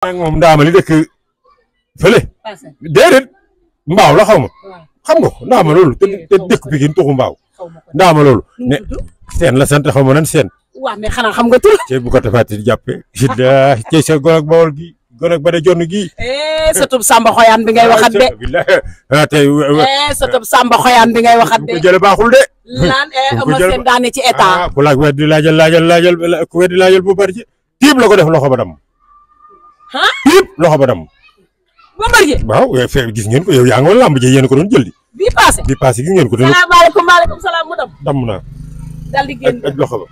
ak moom ndaama li dëkk fële déedéet mbaaw la xaw xam nga ko ndaama loolu te te dëkk bi gin tuxu mbaaw ndaama ne seen la sant xaw ma nan seen waaw mais xanaa xam nga tur ci bu ko tafaati di jàppe sida ci bawol gi gonag ba da gi eh satub Samba Xoyaan bi ngay waxat de ah tey eh satub ngay waxat de jële baaxul de lan eh am seen daane ci état ah, ku laaj weddi laajal laajal laajal ku weddi laajal bu bari ci tiib la ko def loxo ba dam piip loxo ba dam Bombardier waaw eh, fee gis ngeen ko yow ko doon jël bi passé bi passé gis ngeen ko salaamaaleykum dam naa dal ak loxo ba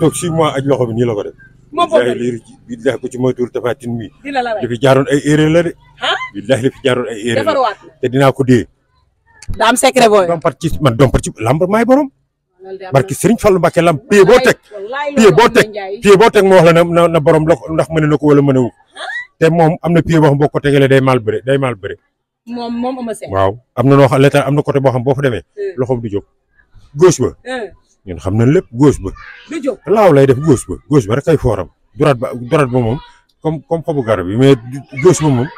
toog six aj loxo bi nii la ko def billahi liir billahi ko ci moytuwul tafatin mi li fi jaaroon ay erreur la de billahi li fi jaaroon ay erreur la te dinaa ko dee daa am secret booy dompar ci man dompar ci lamb maay borom barki Serigne Fallou Mbacké lamb pied boo teg boo teg pied boo teg mo la na na borom la ko ndax mën na ko wala mën a te moom am na pied boo xam boo ko tegalee day mal bëre day mal bëre. waaw am na noo xam léeg am na côté boo xam boo fa demee. Eh. loxoom du jóg gauche ba. Eh. ñun xam na lépp gauche ba. du jóg lay def gauche ba gauche ba rek ay fooram. droite ba droite ba moom comme comme xobu garab bi mais gauche ba moom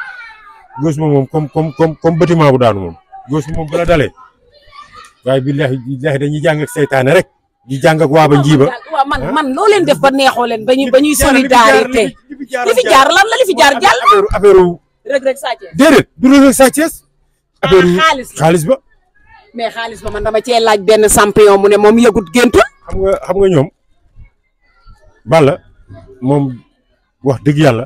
gauche ba moom comme comme comme comme bâtiment bu daanu moom gauche ba moom bala dalee waaye billahi billahi dañuy jàng ak seytaane rek. di jàng ak waa ba njiiba. man man def ba neexoo ba ñuy ba ñuy li fi jaar lan la li fi jaar jàll affaire Reug Reug du Reug Reug Sa ah, xaalis ba mais xaalis ba man dama cee laaj benn champion mu ne moom yëgut géntu xam nga xam nga ñoom bala moom wax dëgg yàlla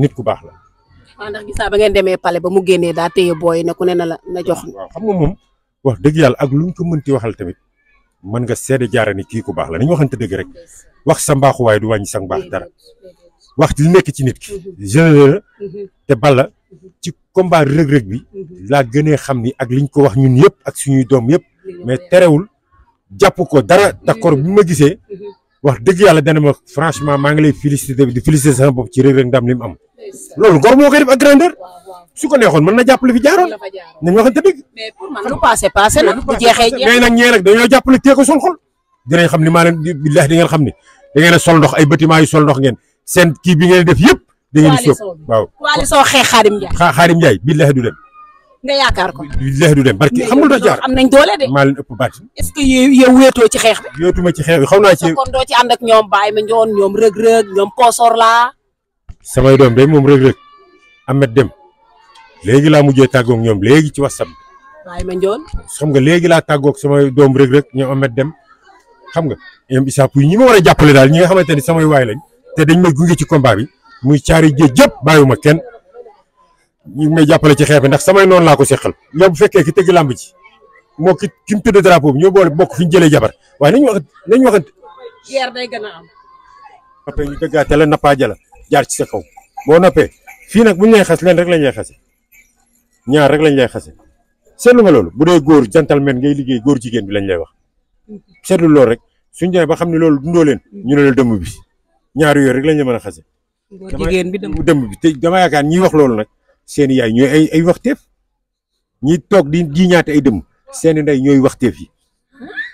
nit ku baax la waaw ah, ndax gisaa ba ngeen demee pale ba mu génnee daa téye booy ne ku ne na la na jox waaw xam nga moom wax dëgg yàlla ak lu ñu ko mënti waxal tamit mën nga seede jaara ni kii ku baax la nañu waxante dëgg rek wax sa mbaaxu waaye du wàññi sa mbaax dara wax li nekk ci nit ki généreux mhm. te Balla mhm. ci combat rëg-rëg bi mhm. laa gënee xam ni ak liñ ko wax ñun yëpp ak suñuy doom yëpp mais terewul jàpp ko dara d'accord bi ma gisee wax dëgg yàlla dana ma franchement maa ngi lay bi di féliciter sama bopp ci rëg-rëg loolu góor moo koy def ak grandeur su ko neexoon mën na jàpp lu fi jaaroon na nag ñee nag dañoo jàpp lu tee sol xol dinañ xam ni maa leen billahi di xam ni da ngeen sol ndox ay bâtiment yu sol ndox ngeen seen kii bi ngeen def yépp da di sóob waaw coalition xeex Xaadim Njaay. xa Xaadim Njaay du dem. nga yaakaar ko. du dem barki xam nga lu tax jaar am nañ doole de. maa leen ëpp baat. est-ce que yow wéetoo ci xeex bi. wéetuma ci xeex bi xaw naa ci. kon doo ci ànd ak ñoom Baye ma ñoon ñoom Rëg Rëg ñoom Poosor laa. samay doom day moom Rëg Rëg Ahmed léegi laa mujjee tàggoog ñoom léegi ci whatsapp waaye ma njoon xam nga léegi laa tàggoog samay doom Rëg Rëg ñoom Ahmed Dem xam nga ñoom Issa Pouye ñi ma war a jàppale daal ñi nga xamante ni samay waay lañ te dañ may gunge ci combat bi muy caari géej yëpp bàyyiwuma kenn ñu may jàppale ci xeex bi ndax samay noonu laa ko seqal yow bu fekkee ki tëgg làmb ji moo ki ki mu tudd drapeau bi ñoo boole bokk fi ñu jëlee jabar waaye nañ wax nañ waxant guerre day gën a am. après ñu dëggaate la nappaaje la jaar ci sa kaw boo noppee fii nag bu ñu lay xas leen rek lañ lay xase ñaar rek lañ lay xase seetlu nga loolu bu dee góor gentleman ngay liggéey góor jigéen bi lañ lay wax seetlu loolu rek suñ demee ba xam ne loolu dundoo leen ñu ne la dëmm bi. ñaari yooyu rek lañ la mën a xase. jigéen bi dëmb bi te dama yaakaar ñiy wax loolu nag seen yaay ñooy ay ay waxteef ñi toog di ji ñaate ay dëmm seeni i ndey waxteef yi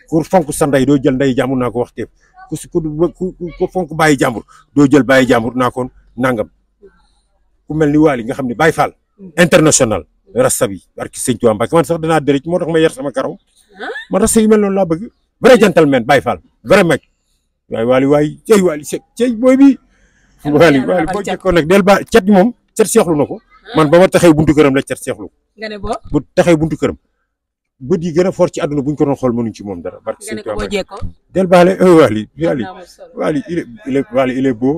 pour fonk sa ndey doo jël ndey jàmbur naa ko waxteef ku si ku ku fonk bàyyi jàmbur doo jël bàyyi jàmbur naa ko nangam ku mel ni Waly nga xam ne Baye Fall international rasta bi barki sëñ Tuubaa Mbàkke man sax danaa dërëj moo tax ma yar sama karaw ma rasta yu mel noonu laa bëgg vrai gentleman Baye Fall vrai mec waay waali waay cey waali sek cey booy bi waali waali boo jëkkoon nag del baa cet moom cet seexlu na ko ah. man ba ma taxee buntu këram la cet seexlu nga bu taxee buntu këram bët yi gën a fort ci àdduna bu ñu ko doon xool mënuñ ci moom dara barke sëñ Tuubaa del baale waali waali waali il est waali il est beau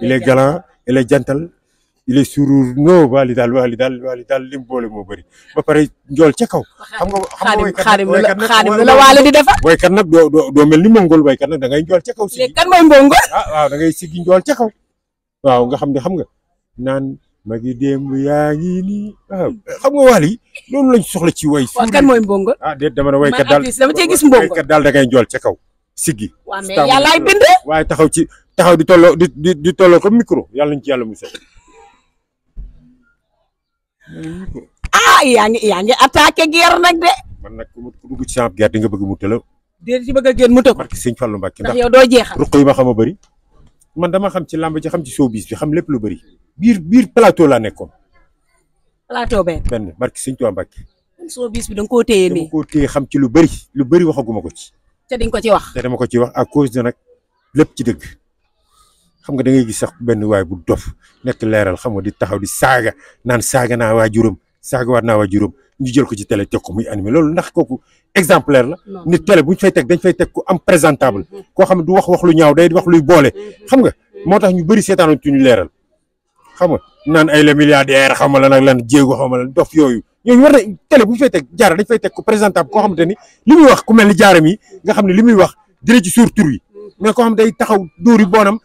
il il est suruur non waali daal waali daal waali daal lim boole moo bëri ba pare njool ca kaw. xam nga xam nga xaadim la la waale di defar. boykat nag doo doo doo mel ni mongol boykat nag da ngay njool ca kaw. si léegi kan mooy mongol. Ah, siggi ca kaw. waaw nga xam ne xam nga naan magi démb yaa ngi nii waaw xam nga waal yi loolu lañ soxla ci way. waaw kan mooy mongol. ah déet daal man dama cee gis mongol waykat ca kaw. siggi. waaw waaye taxaw ci taxaw di tolloo di di tolloo comme micro yàlla nañ ci yàlla musal ah yaa ngi yaa ngi attaqué guerre nag de. man nag ku dugg ci champ guerre di nga bëgg mu la déedéet ci bëgg a génn mu tëb. barke Sëñ Fallu Mbàkke ndax yow doo jeexal ruq yi ma xam a bëri. man dama xam ci làmb ji xam ci showbiz bi xam lépp lu bari biir biir plateau laa nekkoon. plateau benn benn barke Sëñ Tuubaa Mbàkke. showbiz bi da nga koo téye nii dama xam ci lu bari lu bëri waxaguma ko ci. te di ko ci wax. te dama ko ci wax à cause de nag lépp ci dëkk xam nga da ngay sax benn waay bu dof nekk leeral xam nga di taxaw di saaga naan saaga naa waa juróom saaga waat naa waa juróom ñu jël ko ci télé teg ko muy animé loolu ndax kooku exemplaire la ni tele bu ñu fay teg dañ fay teg ku am présentable mm-hmm. koo xam ne du wax wax lu ñaaw day wax luy boole mm-hmm. xam nga moo tax ñu bëri seetaanoon ci ñu leeral xam nga naan ay la milliardaire xam la lan ak lan jéego xam la lan dof yooyu ñooñu war na télé bu ñu fay teg jaara dañ fay teg ku présentable koo xamante ni li muy wax ku mel ni jaaram yi nga xam ne li muy wax dina ci suur tur yi mm-hmm. mais koo day taxaw dóori boonam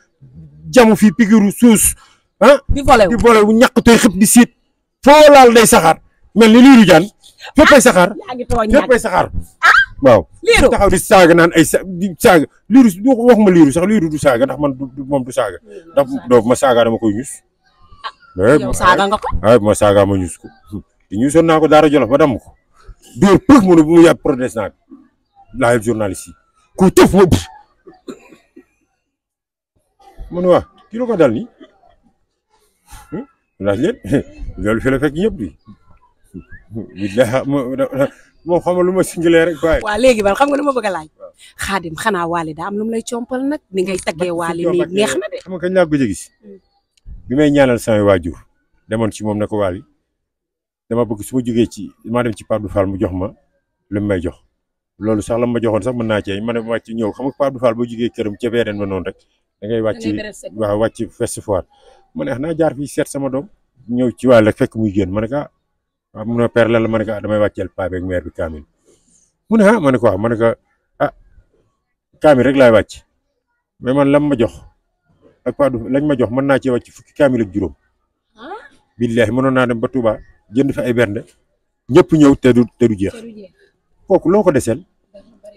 jamu fi pikiru suus ah. di volé wu di volé wu ñàkk tey di siit. foo laal day saxaar mel ni liiru jaan. Ah, féppay saxaar féppay saxaar. Ah, waaw liiru taxaw di naan ay sa di saaga wax ma liiru sax liiru du saaga ndax man du moom du saaga ndax ma saaga dama koy ñus. Ah, yow eh, saaga nga ko eh, ma saaga ma ñus ko. te ñusoon naa ko Daara Jolof ba damm ko. dóor pëf mu ne mu yàgg protestant bi laajal journaliste yi ku tëf ma. man waa ki la ko dal nii hmm? laaj leen loolu fi la fekk ñëpp di moom xam lu ma singalee rek waaye. waaw léegi man xam nga lu ma bëgg laaj. xaadim xanaa waale daa lu mu compal nag ni ngay taggee waale nii neex na de. xam nga kañ laa gëj a gis bi may ñaanal samay waajur demoon ci moom ne ko waali dama bëgg su ma jógee ci maa dem ci Pape Abdou Fall mu jox ma lu mu may jox loolu sax la ma joxoon sax mën naa cee ma ne ma ci ñëw xam nga Pape Abdou Fall boo jógee këram ca beneen ba noonu rek da ngay wàcc waaw wàcc Ouest Foire mu ne naa jaar fii seet sama doom ñëw ci wàll fekk muy génn ma ah, mu ne père lan la ma ne ko ah, damay wàcceel paa beeg mère mu ne ah ma ne ko ah ma ne kaamil ah, rek laay wàcc mais man lam ma jox ak paa lañ ma jox mën naa ci wàcc fukki kaamil ak juróom billaahi mënoon naa dem ba Touba jënd fa ay bernde ñëpp ñëw te du te jeex kooku loo ko deseel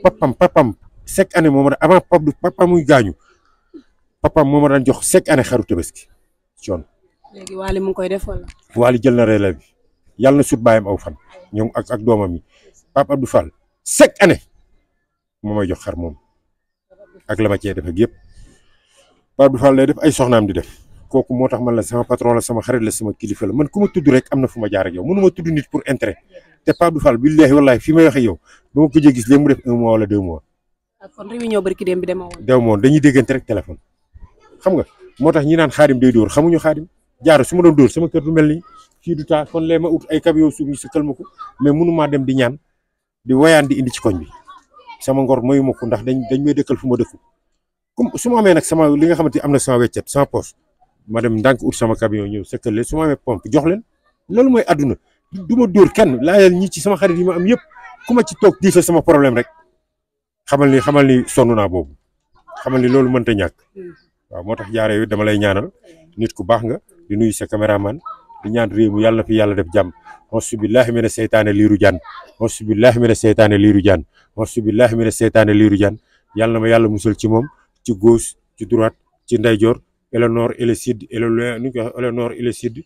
papam papam chaque année moom rek avant pap du papamuy gaañu papa moo ma daan jox chaque année xaru tabaski coon léegi Waly mu ngi koy def wala. jël na relais bi yàlla na sut bàyyam aw fan ñoom ak ak doomam yi Pape Abdou Fall chaque année moo may jox xar moom ak la ma cee def ak yëpp Pape Abdou Fall lay def ay soxnaam di def kooku moo tax man la sama patron la sama xarit la sama kilifa la man ku ma tudd rek am na fu ma jaar ak yow mënuma tudd nit pour intérêt te Pape Abdou Fall billahi wallahi fi may waxee yow ba ma ko gis léegi mu def un mois wala deux mois. kon réunion barki dem bi demoo woon. demoo woon dañuy rek téléphone. xam nga moo tax ñi naan xaadim day dóor xamuñu xaadim jaar suma ma doon dóor sama kër du mel ni kii du taa kon lee ma ut ay kabiyoo suuf ñu si kël ma ko mais mënumaa dem di ñaan di woyaan di indi ci koñ bi sama ngor mayu ma ko ndax dañ dañ may dëkkal fu ma dëkku comme su ma amee nag sama li nga xamante am na sama weccet sama poche ma dem ndànk ut sama camion ñëw sëkkal leen su ma amee pompe leen loolu mooy àdduna du ma dóor kenn laajal ñi ci sama xarit yi ma am yëpp ku ma ci toog diisal sama problème rek xamal ni xamal ni sonn naa boobu xamal ni loolu mënta ñàkk waaw moo tax jaare yu dama lay ñaanal nit ku baax nga di nuyu sa caméraman di ñaan réew mi yàlla na fi yàlla def jàmm mosu billahi mina seytaane liiru jaan mosu billahi mina seytaane liiru jaan mosu billahi mina seytaane liiru jaan yàlla na ma yàlla musal ci moom ci gauche ci droite ci ndeyjoor et le nord et le sud et le loin nu ñu koy le nord et le sud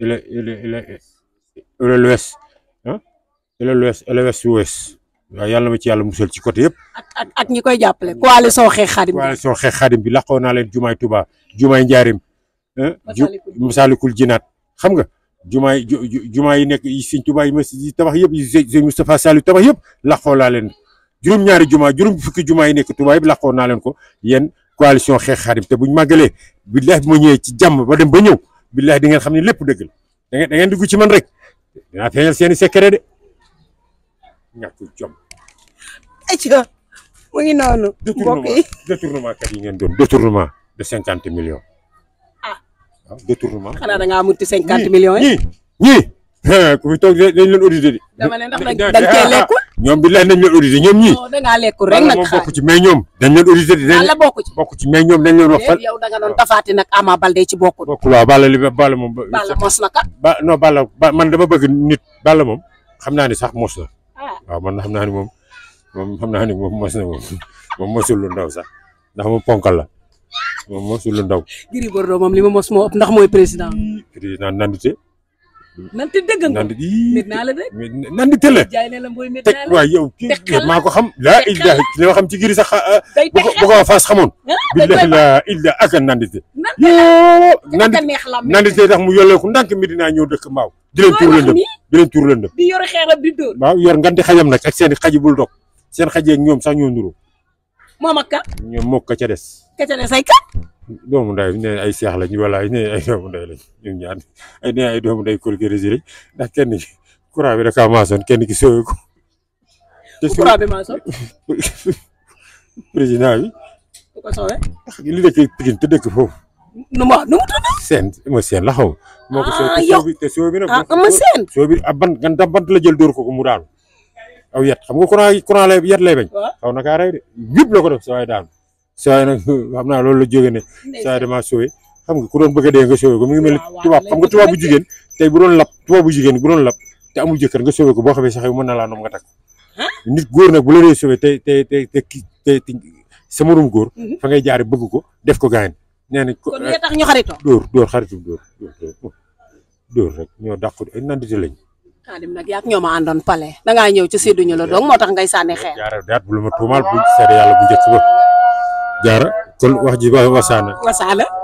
et le et le et le l'ouest ah et le l'ouest et le west ouest waaw yàlla ma ci yàlla musal ci côté yëpp. ak ak ak ñi koy jàppale. coalition xeex xaadim bi coalition xeex xaadim bi laqoo naa leen jumaay Touba jumaay Njaarim. kul Jinaat xam nga. jumaay jumaa yi nekk yi Sëñ Touba yi mas yi tabax yëpp yi Sëñ Moustapha Saliou tabax yëpp laqoo naa leen juróom-ñaari jumaa juróom fukki jumaa yi nekk Touba yëpp laqoo naa leen ko yéen coalition xeex xaadim te buñ màggalee billahi bi ma ñëwee ci jàmm ba dem ba ñëw billahi di ngeen xam ne lépp dëgg la da ngeen man rek dinaa feeñal seeni secret de ñàkk jom. ayca mu ngi noonu. mbokk détournement de cinquante millions. ah waaw ah, détournement. xanaa da ngaa amati cinquante millions yi ñii ku fi toog dañ leen audité di. dama ne ndax dañ cee ah, lekku. ñoom bi laaj nañ leen audité ñoom ñii. non da ngaa lekku rek nag xaar bokk ci mais ñoom. dañ leen audité di dañ la bokk ci bokk ci mais ñoom da nga doon tafaati nag Ama Baldé ci bokkul. bokkul mos na kat. ba non Balla nit Balla moom xam naa ne sax mos na Ah. waaw man xam naa ni moom moom xam naa ni moom mos na moom moom mosul lu ndaw sax ndax ma ponkal la moom mosul lu ndaw. Gris Bordeaux moom li ma mos moo ëpp ndax mooy président. président nandute nandi dëgg nga nandi mét naa la nandi tële jaay ne la mbooy mét yow kii maa ko xam laa illa li ma xam ci giri sax ah, ah, bu ko a Fass xamoon ah, billahi la illa ak nandi te yoo nandi nandi te tax mu yolleeku ndànk mi dinaa ñëw dëkk mbaaw di leen tuur lëndëm di leen tuur lëndëm di yor xeeram di dóor xajam nag ak seen xaji bul dog seen xaji ak ñoom sax ñoo nuroo moom ak ka ñoom mook ka des doomu nday ñu ay seex lañ ñu ne ay doomu nday lañ ay ne ay doomu kenn ki courant bi kenn ki sooyu ko. te su courant bi maasoon. président bi. te dëkk bi nag. ah seen. soo bi ab ban gan bant la jël dóor ko ko mu daanu. aw yat xam nga courant yi courant de yëpp la ko def sa waay saa yi nag xam naa loolu la jóge ne saa yi xam nga ku doon bëgg dee nga sauvé ko mu ngi mel ni tubaab xam nga tubaab bu jigéen te bu doon lab tubaab bu jigéen bu doon lab te amul jëkkër nga sauvé ko boo xamee sax mën na laa noom nga takk nit góor nag bu la dee sauvé te te te te te sa góor mhm. fa ngay jaar bëgg ko def ko gaayen nee nañ kon nga tax ñu xaritoo dóor dóor xaritum dóor dóor rek ñoo dàqu ay nandite lañ Khadim nag yaak ñoo ma àndoon pale dangaa ñëw ci sidduñu la doong moo tax ngay sànni xeer jaare daat bu lu ma tuumaal jaara kon wax ji ba wasaana wasaana